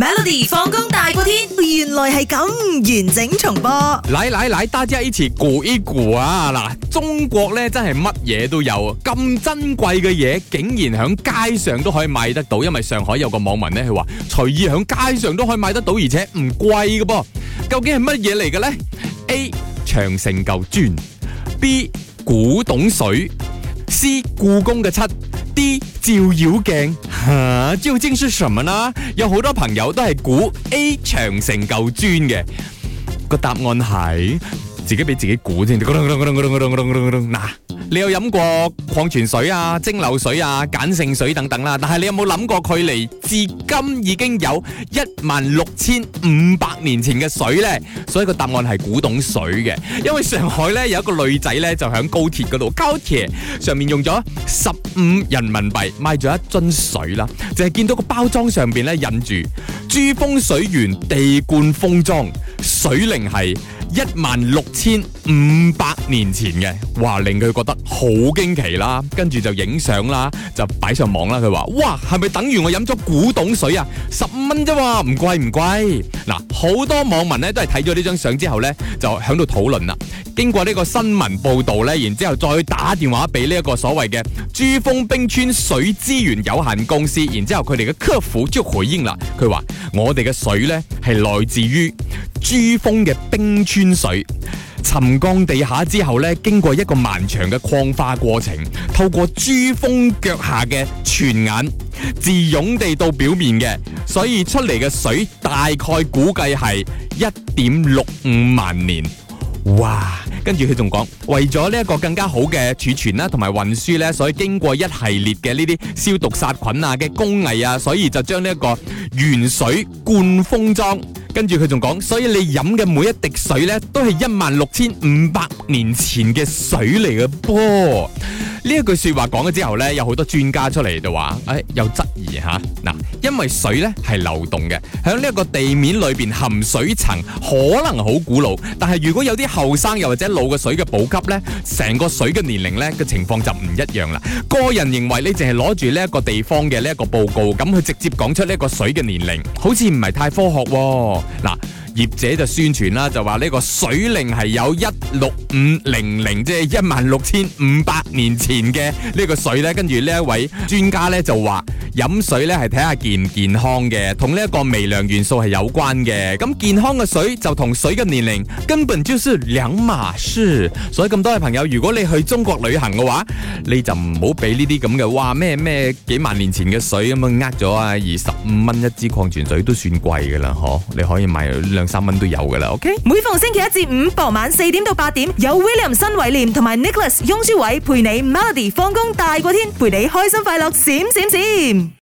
Melody 放工大過天，原來係咁完整重播。來來來，大家一起估一估啊！嗱，中國咧，真係乜嘢都有，啊。咁珍貴嘅嘢竟然響街上都可以買得到，因為上海有個網民咧，佢話隨意響街上都可以買得到，而且唔貴嘅噃。究竟係乜嘢嚟嘅咧？A 長城舊磚，B 古董水，C 故宮嘅漆，D 照妖鏡。啊！究竟係乜呢？有好多朋友都係估 A 長城舊磚嘅，個答案係自己俾自己估先。嗱、呃。呃你有飲過礦泉水啊、蒸餾水啊、鹼性水等等啦、啊，但係你有冇諗過距離至今已經有一萬六千五百年前嘅水呢？所以個答案係古董水嘅。因為上海呢，有一個女仔呢，就喺高鐵嗰度，高鐵上面用咗十五人民幣買咗一樽水啦，淨係、是、見到個包裝上邊呢，印住珠峰水源、地灌封裝、水靈係。一萬六千五百年前嘅話令佢覺得好驚奇啦，跟住就影相啦，就擺上網啦。佢話：哇，係咪等於我飲咗古董水啊？十五蚊啫，唔貴唔貴。嗱，好多網民咧都係睇咗呢張相之後咧，就喺度討論啦。經過呢個新聞報道咧，然之後再打電話俾呢一個所謂嘅珠峰冰川水資源有限公司，然之後佢哋嘅客服就回應啦。佢話：我哋嘅水咧係來自於。珠峰嘅冰川水沉降地下之後咧，經過一個漫長嘅礦化過程，透過珠峰腳下嘅泉眼自湧地到表面嘅，所以出嚟嘅水大概估計係一點六五萬年。哇！跟住佢仲講，為咗呢一個更加好嘅儲存啦，同埋運輸咧，所以經過一系列嘅呢啲消毒殺菌啊嘅工藝啊，所以就將呢一個原水灌封裝。跟住佢仲講，所以你飲嘅每一滴水呢，都係一萬六千五百年前嘅水嚟嘅噃。呢一句話說話講咗之後呢，有好多專家出嚟就話：，誒，有質疑吓，嗱，因為水咧係流動嘅，響呢一個地面裏邊含水層可能好古老，但係如果有啲後生又或者老嘅水嘅補給呢，成個水嘅年齡呢嘅情況就唔一樣啦。個人認為你淨係攞住呢一個地方嘅呢一個報告，咁佢直接講出呢個水嘅年齡，好似唔係太科學喎，嗱。業者就宣傳啦，就話呢個水齡係有一六五零零，即係一萬六千五百年前嘅呢個水呢跟住呢一位專家呢就話，飲水呢係睇下健唔健康嘅，同呢一個微量元素係有關嘅。咁健康嘅水就同水嘅年齡根本就是兩碼事。所以咁多位朋友，如果你去中國旅行嘅話，你就唔好俾呢啲咁嘅話咩咩幾萬年前嘅水咁樣呃咗啊！二十五蚊一支礦泉水都算貴㗎啦，嗬，你可以買兩。三蚊都有嘅啦，OK。每逢星期一至五傍晚四點到八點，有 William 新偉廉同埋 Nicholas 翁舒偉陪你 Melody 放工大過天，陪你開心快樂閃閃閃。閃閃閃。